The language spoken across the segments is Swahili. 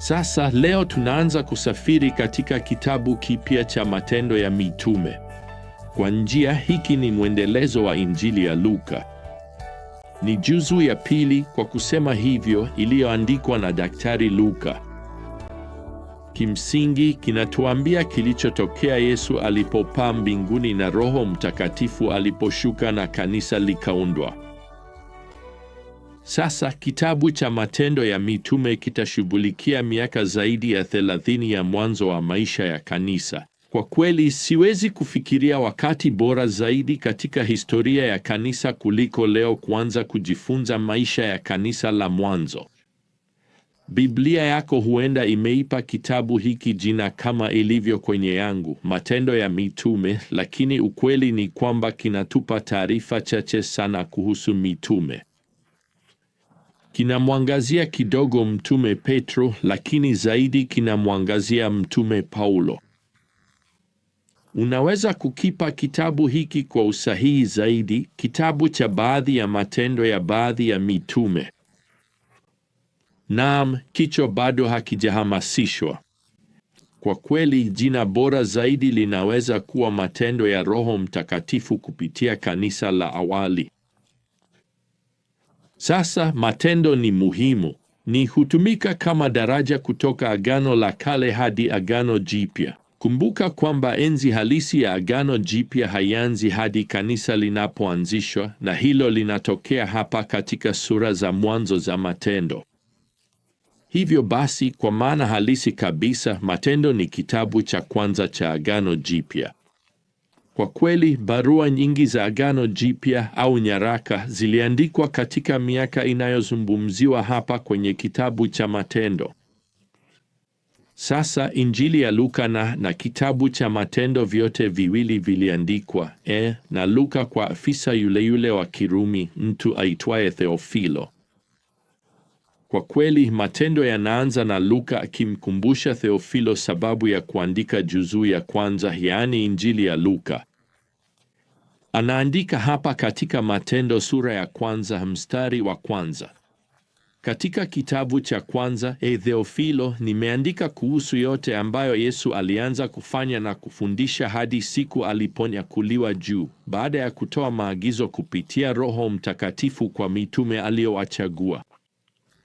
Sasa leo tunaanza kusafiri katika kitabu kipya cha Matendo ya Mitume. Kwa njia, hiki ni mwendelezo wa Injili ya Luka. Ni juzu ya pili, kwa kusema hivyo, iliyoandikwa na Daktari Luka. Kimsingi kinatuambia kilichotokea Yesu alipopaa mbinguni na Roho Mtakatifu aliposhuka na kanisa likaundwa. Sasa kitabu cha Matendo ya Mitume kitashughulikia miaka zaidi ya thelathini ya mwanzo wa maisha ya kanisa. Kwa kweli siwezi kufikiria wakati bora zaidi katika historia ya kanisa kuliko leo kuanza kujifunza maisha ya kanisa la mwanzo. Biblia yako huenda imeipa kitabu hiki jina kama ilivyo kwenye yangu, Matendo ya Mitume, lakini ukweli ni kwamba kinatupa taarifa chache sana kuhusu mitume kinamwangazia kidogo Mtume Petro, lakini zaidi kinamwangazia Mtume Paulo. Unaweza kukipa kitabu hiki kwa usahihi zaidi kitabu cha baadhi ya matendo ya baadhi ya mitume. Naam, kicho bado hakijahamasishwa. Kwa kweli, jina bora zaidi linaweza kuwa matendo ya Roho Mtakatifu kupitia kanisa la awali. Sasa matendo ni muhimu, ni hutumika kama daraja kutoka Agano la Kale hadi Agano Jipya. Kumbuka kwamba enzi halisi ya Agano Jipya haianzi hadi kanisa linapoanzishwa, na hilo linatokea hapa katika sura za mwanzo za Matendo. Hivyo basi, kwa maana halisi kabisa, Matendo ni kitabu cha kwanza cha Agano Jipya. Kwa kweli barua nyingi za Agano Jipya au nyaraka ziliandikwa katika miaka inayozungumziwa hapa kwenye kitabu cha Matendo. Sasa Injili ya Luka na, na kitabu cha Matendo vyote viwili viliandikwa e, na Luka kwa afisa yule yule wa Kirumi mtu aitwaye Theofilo. Kwa kweli Matendo yanaanza na Luka akimkumbusha Theofilo sababu ya kuandika juzuu ya kwanza, yaani Injili ya Luka anaandika hapa katika Matendo sura ya kwanza mstari wa kwanza katika kitabu cha kwanza, E Theofilo, nimeandika kuhusu yote ambayo Yesu alianza kufanya na kufundisha hadi siku aliponyakuliwa juu, baada ya kutoa maagizo kupitia Roho Mtakatifu kwa mitume aliyowachagua.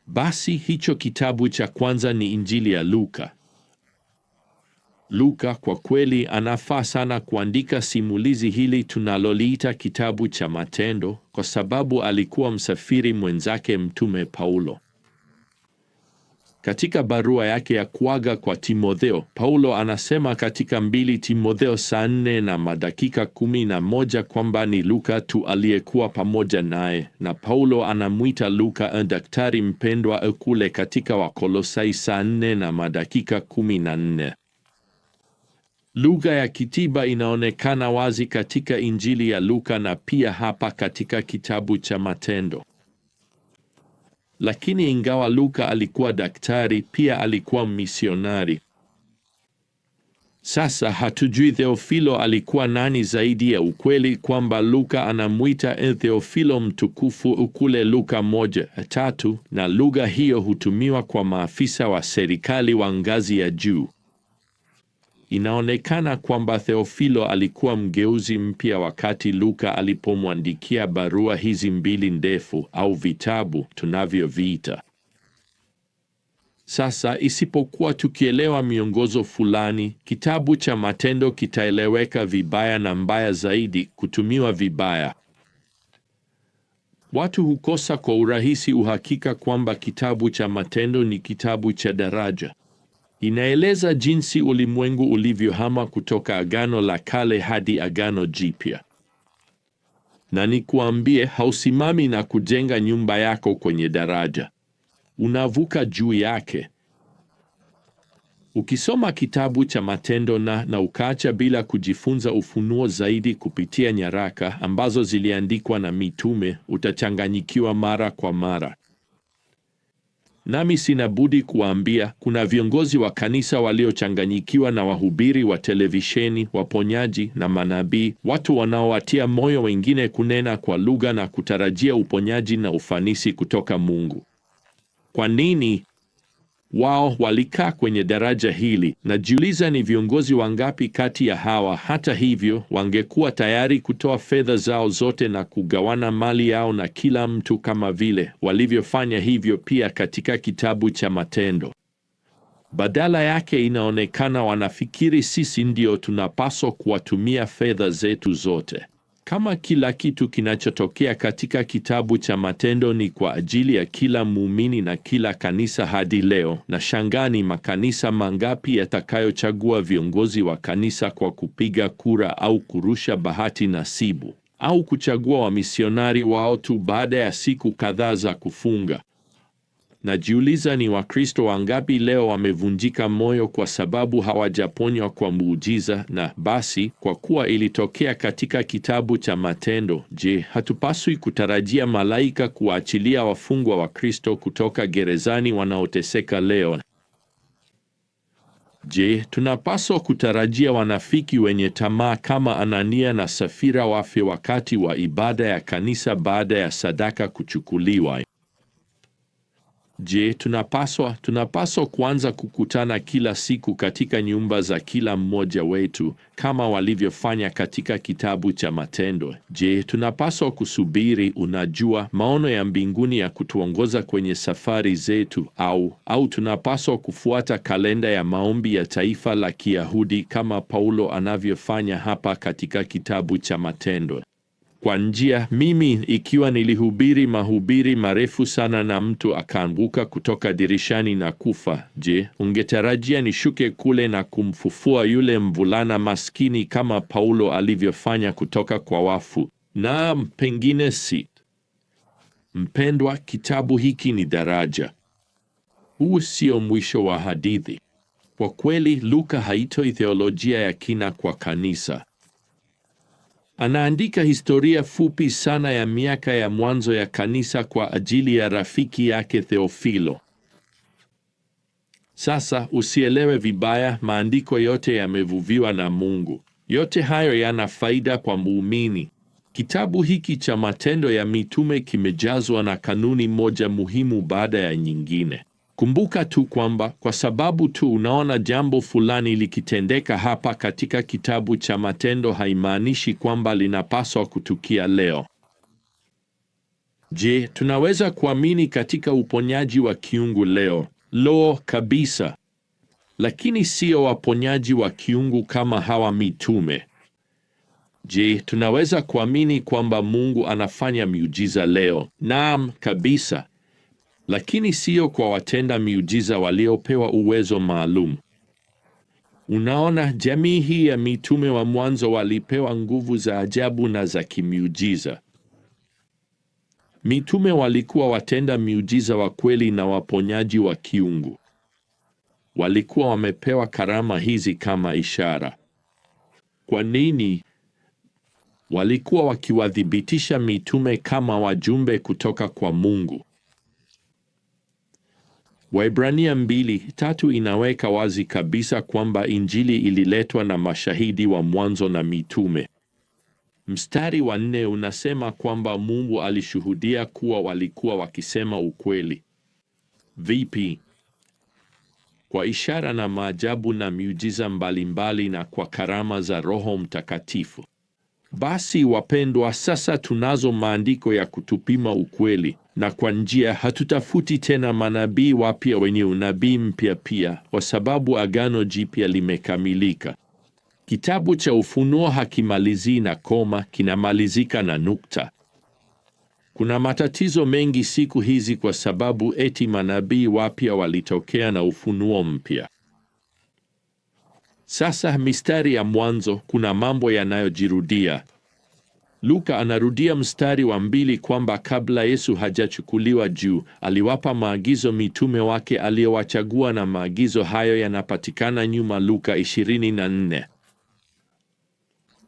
Basi hicho kitabu cha kwanza ni Injili ya Luka. Luka kwa kweli anafaa sana kuandika simulizi hili tunaloliita kitabu cha Matendo kwa sababu alikuwa msafiri mwenzake Mtume Paulo. Katika barua yake ya kuaga kwa Timotheo, Paulo anasema katika mbili Timotheo saa nne na madakika kumi na moja kwamba ni Luka tu aliyekuwa pamoja naye, na Paulo anamwita Luka eh, daktari mpendwa eh, kule katika Wakolosai saa nne na madakika kumi na nne. Lugha ya kitiba inaonekana wazi katika Injili ya Luka na pia hapa katika kitabu cha Matendo. Lakini ingawa Luka alikuwa daktari, pia alikuwa misionari. Sasa hatujui Theofilo alikuwa nani zaidi ya ukweli kwamba Luka anamwita Theofilo mtukufu ukule Luka moja tatu, na lugha hiyo hutumiwa kwa maafisa wa serikali wa ngazi ya juu. Inaonekana kwamba Theofilo alikuwa mgeuzi mpya wakati Luka alipomwandikia barua hizi mbili ndefu au vitabu tunavyoviita. Sasa, isipokuwa tukielewa miongozo fulani, kitabu cha Matendo kitaeleweka vibaya na mbaya zaidi, kutumiwa vibaya. Watu hukosa kwa urahisi uhakika kwamba kitabu cha Matendo ni kitabu cha daraja. Inaeleza jinsi ulimwengu ulivyohama kutoka Agano la Kale hadi Agano Jipya. Na nikuambie, hausimami na kujenga nyumba yako kwenye daraja, unavuka juu yake. Ukisoma kitabu cha Matendo na na ukaacha bila kujifunza ufunuo zaidi kupitia nyaraka ambazo ziliandikwa na mitume, utachanganyikiwa mara kwa mara. Nami sina budi kuwaambia, kuna viongozi wa kanisa waliochanganyikiwa na wahubiri wa televisheni, waponyaji na manabii, watu wanaowatia moyo wengine kunena kwa lugha na kutarajia uponyaji na ufanisi kutoka Mungu. Kwa nini? wao walikaa kwenye daraja hili. Najiuliza ni viongozi wangapi kati ya hawa, hata hivyo, wangekuwa tayari kutoa fedha zao zote na kugawana mali yao na kila mtu, kama vile walivyofanya hivyo pia katika kitabu cha Matendo. Badala yake, inaonekana wanafikiri sisi ndio tunapaswa kuwatumia fedha zetu zote. Kama kila kitu kinachotokea katika kitabu cha Matendo ni kwa ajili ya kila muumini na kila kanisa hadi leo, na shangani makanisa mangapi yatakayochagua viongozi wa kanisa kwa kupiga kura au kurusha bahati nasibu au kuchagua wamisionari wao tu baada ya siku kadhaa za kufunga. Najiuliza ni Wakristo wangapi leo wamevunjika moyo kwa sababu hawajaponywa kwa muujiza? Na basi kwa kuwa ilitokea katika kitabu cha Matendo, je, hatupaswi kutarajia malaika kuwaachilia wafungwa wa Kristo kutoka gerezani wanaoteseka leo? Je, tunapaswa kutarajia wanafiki wenye tamaa kama Anania na Safira wafe wakati wa ibada ya kanisa baada ya sadaka kuchukuliwa? Je, tunapaswa tunapaswa kwanza kukutana kila siku katika nyumba za kila mmoja wetu kama walivyofanya katika kitabu cha Matendo? Je, tunapaswa kusubiri, unajua, maono ya mbinguni ya kutuongoza kwenye safari zetu, au au tunapaswa kufuata kalenda ya maombi ya taifa la Kiyahudi kama Paulo anavyofanya hapa katika kitabu cha Matendo? kwa njia, mimi ikiwa nilihubiri mahubiri marefu sana na mtu akaanguka kutoka dirishani na kufa, je, ungetarajia nishuke kule na kumfufua yule mvulana maskini kama Paulo alivyofanya kutoka kwa wafu? Naam, pengine si. Mpendwa, kitabu hiki ni daraja. Huu sio mwisho wa hadithi. Kwa kweli, Luka haitoi theolojia ya kina kwa kanisa. Anaandika historia fupi sana ya miaka ya mwanzo ya kanisa kwa ajili ya rafiki yake Theofilo. Sasa usielewe vibaya, maandiko yote yamevuviwa na Mungu. Yote hayo yana faida kwa muumini. Kitabu hiki cha Matendo ya Mitume kimejazwa na kanuni moja muhimu baada ya nyingine. Kumbuka tu kwamba kwa sababu tu unaona jambo fulani likitendeka hapa katika kitabu cha Matendo haimaanishi kwamba linapaswa kutukia leo. Je, tunaweza kuamini katika uponyaji wa kiungu leo? Lo, kabisa. Lakini sio waponyaji wa kiungu kama hawa mitume. Je, tunaweza kuamini kwamba Mungu anafanya miujiza leo? Naam, kabisa lakini sio kwa watenda miujiza waliopewa uwezo maalum. Unaona, jamii hii ya mitume wa mwanzo walipewa nguvu za ajabu na za kimiujiza. Mitume walikuwa watenda miujiza wa kweli na waponyaji wa kiungu. Walikuwa wamepewa karama hizi kama ishara. Kwa nini? Walikuwa wakiwathibitisha mitume kama wajumbe kutoka kwa Mungu. Waebrania mbili tatu inaweka wazi kabisa kwamba injili ililetwa na mashahidi wa mwanzo na mitume. Mstari wa nne unasema kwamba Mungu alishuhudia kuwa walikuwa wakisema ukweli. Vipi? Kwa ishara na maajabu na miujiza mbalimbali na kwa karama za Roho Mtakatifu. Basi wapendwa, sasa tunazo maandiko ya kutupima ukweli, na kwa njia hatutafuti tena manabii wapya wenye unabii mpya pia, kwa sababu Agano Jipya limekamilika. Kitabu cha Ufunuo hakimalizii na koma, kinamalizika na nukta. Kuna matatizo mengi siku hizi kwa sababu eti manabii wapya walitokea na ufunuo mpya. Sasa mistari ya mwanzo kuna mambo yanayojirudia. Luka anarudia mstari wa mbili kwamba kabla Yesu hajachukuliwa juu, aliwapa maagizo mitume wake aliyowachagua na maagizo hayo yanapatikana nyuma Luka 24.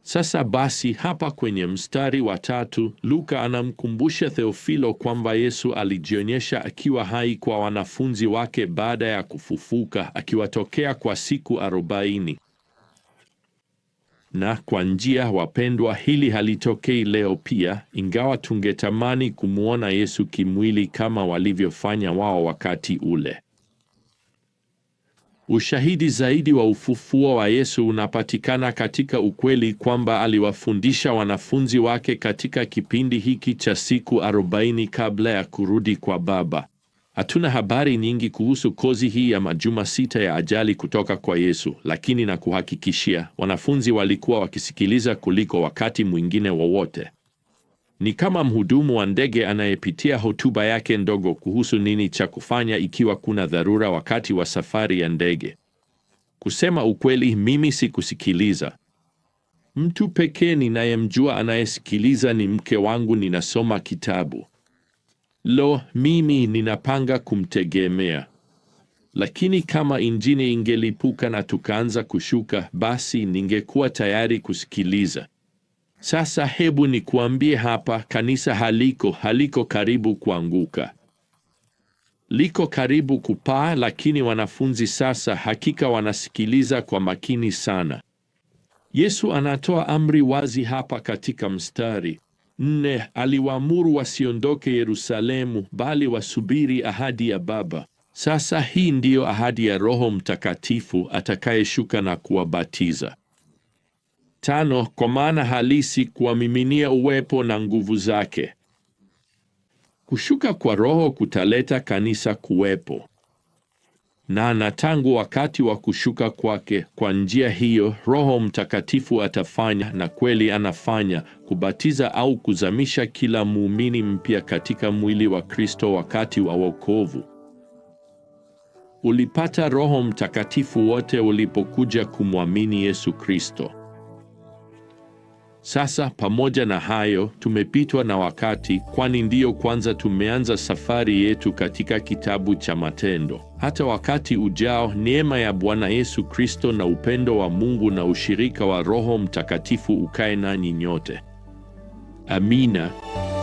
Sasa basi, hapa kwenye mstari wa tatu Luka anamkumbusha Theofilo kwamba Yesu alijionyesha akiwa hai kwa wanafunzi wake baada ya kufufuka, akiwatokea kwa siku arobaini. Na kwa njia, wapendwa, hili halitokei leo pia, ingawa tungetamani kumwona Yesu kimwili kama walivyofanya wao wakati ule. Ushahidi zaidi wa ufufuo wa Yesu unapatikana katika ukweli kwamba aliwafundisha wanafunzi wake katika kipindi hiki cha siku 40 kabla ya kurudi kwa Baba. Hatuna habari nyingi kuhusu kozi hii ya majuma sita ya ajali kutoka kwa Yesu, lakini na kuhakikishia wanafunzi walikuwa wakisikiliza kuliko wakati mwingine wowote. Ni kama mhudumu wa ndege anayepitia hotuba yake ndogo kuhusu nini cha kufanya ikiwa kuna dharura wakati wa safari ya ndege. Kusema ukweli, mimi sikusikiliza. Mtu pekee ninayemjua anayesikiliza ni mke wangu ninasoma kitabu. Lo, mimi ninapanga kumtegemea. Lakini kama injini ingelipuka na tukaanza kushuka, basi ningekuwa tayari kusikiliza. Sasa hebu nikuambie hapa, kanisa haliko haliko karibu kuanguka, liko karibu kupaa, lakini wanafunzi sasa hakika wanasikiliza kwa makini sana. Yesu anatoa amri wazi hapa katika mstari nne, aliwaamuru wasiondoke Yerusalemu, bali wasubiri ahadi ya Baba. Sasa hii ndiyo ahadi ya Roho Mtakatifu atakayeshuka na kuwabatiza. Tano, kwa maana halisi kuwamiminia uwepo na nguvu zake. Kushuka kwa Roho kutaleta kanisa kuwepo na na tangu wakati wa kushuka kwake, kwa njia hiyo Roho Mtakatifu atafanya na kweli anafanya kubatiza au kuzamisha kila muumini mpya katika mwili wa Kristo wakati wa wokovu. Ulipata Roho Mtakatifu wote ulipokuja kumwamini Yesu Kristo. Sasa pamoja na hayo, tumepitwa na wakati, kwani ndiyo kwanza tumeanza safari yetu katika kitabu cha Matendo. Hata wakati ujao, neema ya Bwana Yesu Kristo na upendo wa Mungu na ushirika wa Roho Mtakatifu ukae nanyi nyote. Amina.